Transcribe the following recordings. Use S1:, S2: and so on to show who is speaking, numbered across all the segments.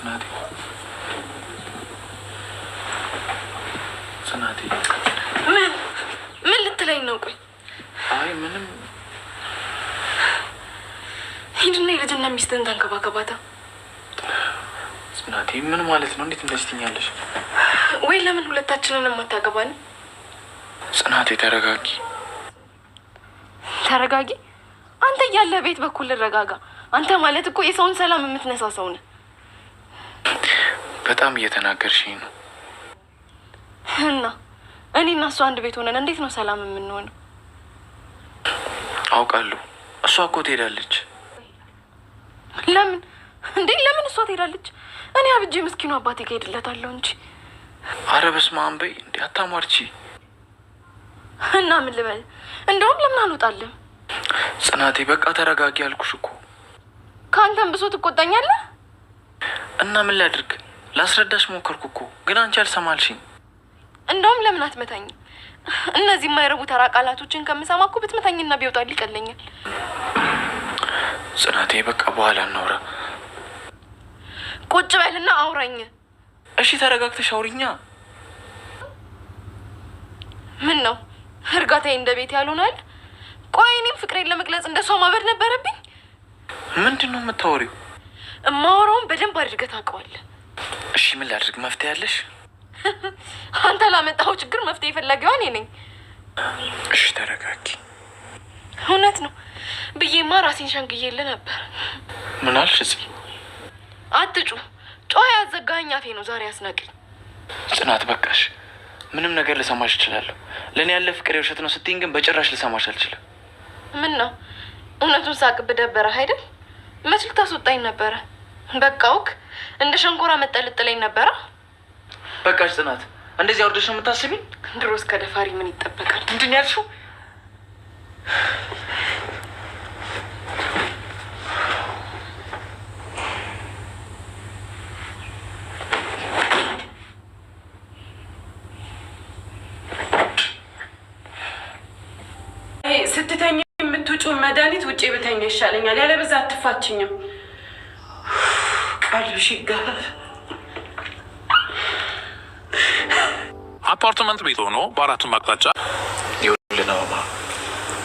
S1: ጽናቴ ጽናቴ
S2: ምን ምን ልትለኝ ነው? ቆይ አይ ምንም። ሂድና የልጅና ሚስትህን ታንከባከባታ።
S1: ጽናቴ ምን ማለት ነው? እንዴት እንደዚህ ትኛለሽ?
S2: ወይ ለምን ሁለታችንን የማታገባን?
S1: ጽናቴ ተረጋጊ፣
S2: ተረጋጊ። አንተ እያለ ቤት በኩል ልረጋጋ? አንተ ማለት እኮ የሰውን ሰላም የምትነሳ ሰው ነህ።
S1: በጣም እየተናገርሽኝ ነው።
S2: እና እኔ እና እሱ አንድ ቤት ሆነን እንዴት ነው ሰላም የምንሆነው?
S1: አውቃለሁ። እሷ እኮ ትሄዳለች።
S2: ለምን እንዴ? ለምን እሷ ትሄዳለች? እኔ አብጄ ምስኪኑ አባቴ ጋር ሄድለታለሁ እንጂ።
S1: አረ በስመ አብ በይ እንዴ! አታማርቺ።
S2: እና ምን ልበል? እንደውም ለምን አልወጣለም?
S1: ጽናቴ በቃ ተረጋጊ አልኩሽ እኮ።
S2: ከአንተም ብሶ ትቆጣኛለህ።
S1: እና ምን ላድርግ? ላስረዳሽ ሞከርኩ እኮ ግን አንቺ አልሰማልሽኝ።
S2: እንደውም ለምን አትመታኝ? እነዚህ የማይረቡ ተራ ቃላቶችን ከምሰማ እኮ ብትመታኝና ቢወጣል ይቀለኛል።
S1: ጽናቴ፣ በቃ በኋላ እናውራ።
S2: ቁጭ በልና አውራኝ።
S1: እሺ፣ ተረጋግተሽ አውሪኛ።
S2: ምን ነው እርጋታዬ እንደ ቤት ያልሆናል? ቆይ እኔም ፍቅሬን ለመግለጽ እንደ ሰው ማበድ ነበረብኝ?
S1: ምንድን ነው የምታወሪው?
S2: እማወራውን በደንብ አድርገህ ታውቀዋለህ።
S1: እሺ ምን ላድርግ? መፍትሄ ያለሽ?
S2: አንተ ላመጣኸው ችግር መፍትሄ የፈላጊዋ እኔ ነኝ።
S1: እሺ ተረጋጊ።
S2: እውነት ነው ብዬማ ራሴን ሸንግዬልህ ነበር። ምን አልሽ? እዚህ አትጩ ጮኸ ያዘጋኝ አፌ ነው ዛሬ አስናቀኝ።
S1: ጽናት በቃሽ፣ ምንም ነገር ልሰማሽ እችላለሁ። ለእኔ ያለ ፍቅር የውሸት ነው ስትይኝ ግን በጭራሽ ልሰማሽ አልችልም።
S2: ምን ነው እውነቱን ሳቅብ ብደበረ አይደል? መች ልታስወጣኝ ነበረ? በቃ ውክ እንደ ሸንኮራ መጠልጥለኝ ነበረ።
S1: በቃሽ ጽናት፣ እንደዚህ አውርደሽ ነው የምታስቢኝ?
S2: ድሮስ ከደፋሪ ምን ይጠበቃል? ምንድን ያልሽው? ስትተኛ የምትውጪውን መድኃኒት ውጭ ብተኛ ይሻለኛል። ያለበዛ አትፋችኝም።
S3: አፓርትመንት ቤት ሆኖ በአራቱም አቅጣጫ
S1: ይኸውልህ፣ አበባ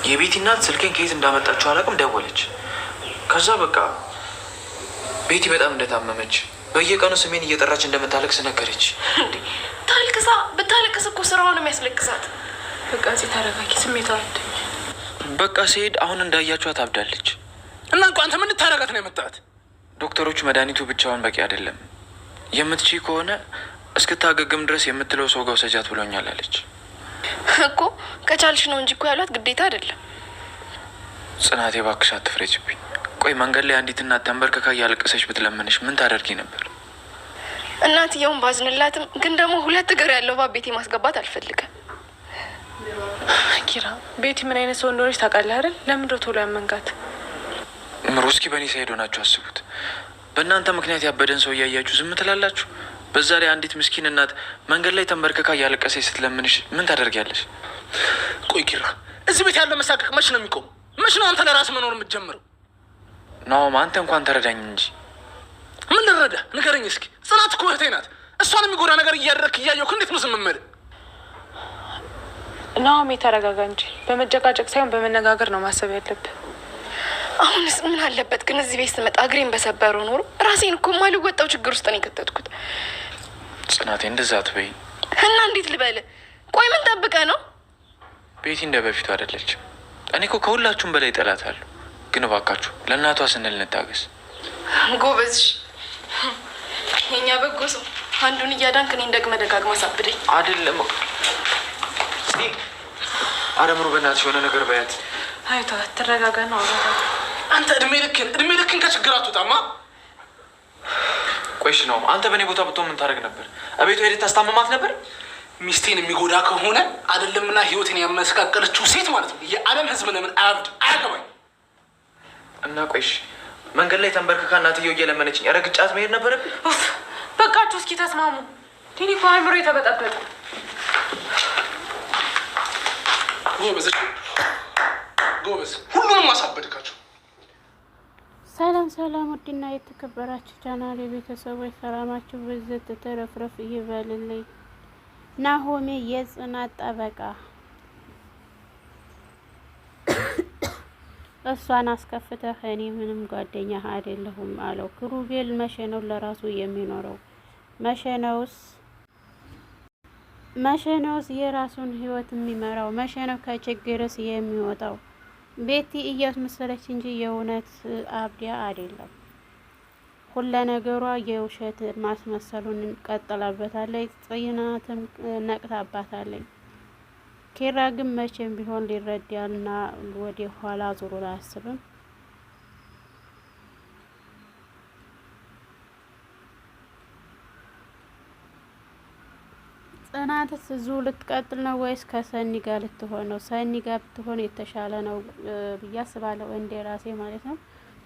S1: የቤቲ እናት ስልኬን ከየት እንዳመጣችው አላውቅም፣ ደወለች። ከዛ በቃ ቤቲ በጣም እንደታመመች በየቀኑ ስሜን እየጠራች እንደምታለቅስ ነገረች።
S2: ታልቅሳ ብታለቅስ እኮ ስራውን የሚያስለቅሳት። በቃ እዚህ ተረጋጊ፣ ስሜቷ
S1: በቃ ሲሄድ አሁን እንዳያችኋት አብዳለች። እና እንኳን አንተ ምን ታረጋት ነው የመጣት ዶክተሮቹ መድኃኒቱ ብቻውን በቂ አይደለም፣ የምትቺ ከሆነ እስክታገግም ድረስ የምትለው ሰው ጋር ውሰጃት ብሎኛል አለች።
S2: እኮ ከቻልሽ ነው እንጂ እኮ ያሏት ግዴታ አይደለም።
S1: ጽናቴ እባክሽ አትፍረጅብኝ። ቆይ መንገድ ላይ አንዲት እናት ተንበርክካ እያለቀሰች ብትለምንሽ ምን ታደርጊ ነበር?
S2: እናትየውን ባዝንላትም ግን ደግሞ ሁለት እግር ያለው ባ ቤቴ ማስገባት አልፈልግም። ኪራ ቤቲ ምን አይነት ሰው እንደሆነች ታውቃለህ አይደል? ለምንድን ነው ቶሎ ያመንጋት?
S1: ምሩ እስኪ በእኔ ሳይሄድ ሆናችሁ አስቡት። በእናንተ ምክንያት ያበደን ሰው እያያችሁ ዝም ትላላችሁ። በዛ ላይ አንዲት ምስኪን እናት መንገድ ላይ ተንበርክካ እያለቀሰች ስትለምንሽ ምን ታደርጊያለሽ?
S3: ቆይ ኪራ፣ እዚህ ቤት ያለ መሳቀቅ መች ነው የሚቆም? መች ነው አንተ ለራስ መኖር የምትጀምረው?
S1: ናሆም፣ አንተ እንኳን ተረዳኝ እንጂ።
S3: ምን ልረዳ ንገረኝ እስኪ። ጽናት እኮ እህቴ ናት። እሷን የሚጎዳ ነገር እያደረክ እያየሁ እንዴት ነው ዝም የምልህ?
S2: ናሆም፣ የተረጋጋ እንጂ። በመጨቃጨቅ ሳይሆን በመነጋገር ነው ማሰብ ያለብህ። አሁንስ ምን አለበት ግን እዚህ ቤት ስመጣ እግሬን በሰበረው ኖሮ ራሴን እኮ ማልወጣው ችግር ውስጥ ነው የከተትኩት።
S1: ጽናቴ እንደዛ አትበይ
S2: እና እንዴት ልበል? ቆይ ምን ጠብቀ ነው?
S1: ቤቲ እንደ በፊቱ አይደለችም። እኔ እኮ ከሁላችሁም በላይ እጠላታለሁ። ግን እባካችሁ ለእናቷ ስንል እንታገስ።
S2: ጎበዝሽ፣ የኛ በጎ ሰው አንዱን እያዳንክ እኔን ደግመህ ደጋግመህ ሳብደኝ።
S1: አይደለም አረምሩ፣ በእናትሽ የሆነ ነገር በያት።
S2: አይቷ ትረጋጋ ነው
S3: አንተ እድሜ ልክን እድሜ ልክን ከችግር አትወጣማ።
S1: ቆይሽ ነው አንተ በእኔ ቦታ ብትሆን ምን ታደርግ ነበር? አቤቱ ሄደህ ታስታመማት ነበር።
S3: ሚስቴን የሚጎዳ ከሆነ አይደለምና ህይወቴን ያመሰቃቀለችው ሴት ማለት ነው። የዓለም ህዝብ ለምን አያብድ አያገባኝ
S1: እና ቆይሽ መንገድ ላይ ተንበርክካ እናትየው እየለመነችኝ ረግጫት መሄድ ነበረብኝ።
S2: በቃችሁ እስኪ ተስማሙ። ኔ አይምሮ የተበጠበጠ
S3: ጎበዝ ጎበዝ፣ ሁሉንም አሳበድካቸው።
S4: ሰላም ሰላም፣ ውድና የተከበራችሁ ቻናል የቤተሰቦች ሰላማችሁ ብዝት ተረፍረፍ ይበልልኝ። ናሆሜ የጽናት ጠበቃ እሷን አስከፍተህ እኔ ምንም ጓደኛ አይደለሁም አለው። ክሩቤል መቼ ነው ለራሱ የሚኖረው? መቼ ነውስ መቼ ነውስ የራሱን ህይወት የሚመራው? መቼ ነው ከችግርስ የሚወጣው? ቤቲ እያስመሰለች እንጂ የእውነት አብዲያ አይደለም። ሁለ ነገሯ የውሸት ማስመሰሉን ቀጥላበታለች። ጽናትም ነቅታባታለች። ኬራ ግን መቼም ቢሆን ሊረዳና ወደ ኋላ ዙሩ አያስብም። ጽናትስ እዙ ልትቀጥል ነው ወይስ ከሰኒ ጋር ልትሆን ነው? ሰኒ ጋር ብትሆን የተሻለ ነው ብዬ አስባለሁ፣ እንደ ራሴ ማለት ነው።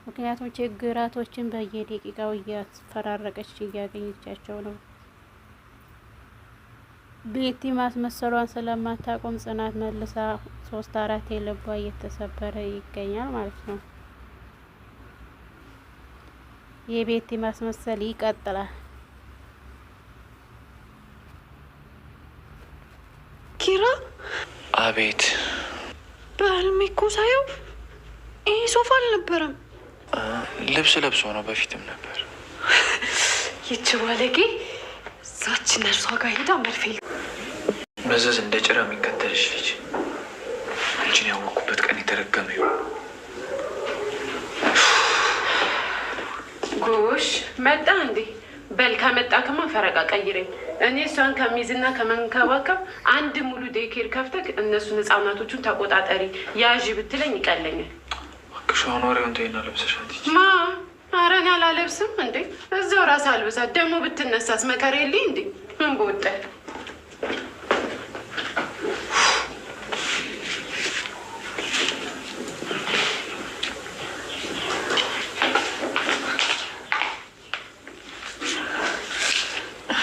S4: ምክንያቱም ችግራቶችን በየደቂቃው እያፈራረቀች እያገኘቻቸው ነው። ቤቲ ማስመሰሏን ስለማታቆም ጽናት መልሳ ሶስት አራት የልቧ እየተሰበረ ይገኛል ማለት ነው። የቤቲ ማስመሰል ይቀጥላል።
S1: አቤት።
S2: በህልሜ እኮ ሳየው ይህ ሶፋ አልነበረም።
S1: ልብስ ለብሶ ነው። በፊትም ነበር።
S2: ይች ባለጌ እዛች ነርሷ ጋር ሄዳ መርፌል
S1: መዘዝ እንደ ጭራ የሚከተልሽ ልጅ አንቺን ያወቅኩበት ቀን የተረገመ ይሆ
S5: ጎሽ መጣ እንዴ? በል ከመጣ ከማ ፈረቃ ቀይረኝ። እኔ እሷን ከሚዝና ከመንከባከብ አንድ ሙሉ ዴኬር ከፍተህ እነሱን ህፃናቶቹን ተቆጣጠሪ ያዥ ብትለኝ ይቀለኛል።
S1: ቅሻውን ወሬውን ተይና ለብሰሻት
S5: ማ ኧረ እኔ አላለብስም እንዴ፣ እዛው ራስ አልብሳት ደግሞ ብትነሳስ መከር እንዴ ምን በወጣል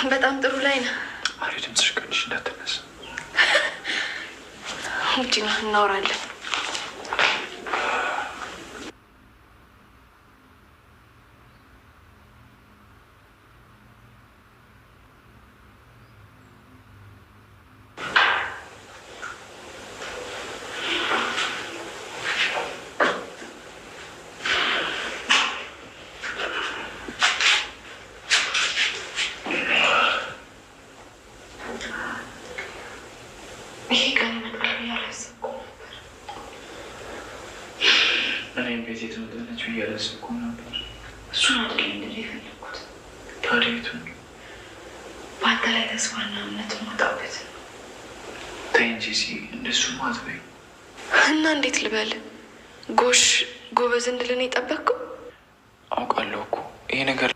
S2: አሁን በጣም ጥሩ ላይ ነው።
S1: አሪ ድምፅሽ ቀንሽ እንዳትነስ።
S2: ውጭ ነው እናወራለን።
S1: እያለሰብኩ ነበር።
S2: እሱን አድርጌ እንድል የፈለግኩት ታዲያ የቱን በአንተ ላይ ተስፋና እምነት ማጣበት።
S1: ተይ ሲ እንደሱ ማትበይ
S2: እና እንዴት ልበል ጎሽ ጎበዝ እንድልን የጠበቅኩ
S1: አውቃለሁ እኮ ይሄ ነገር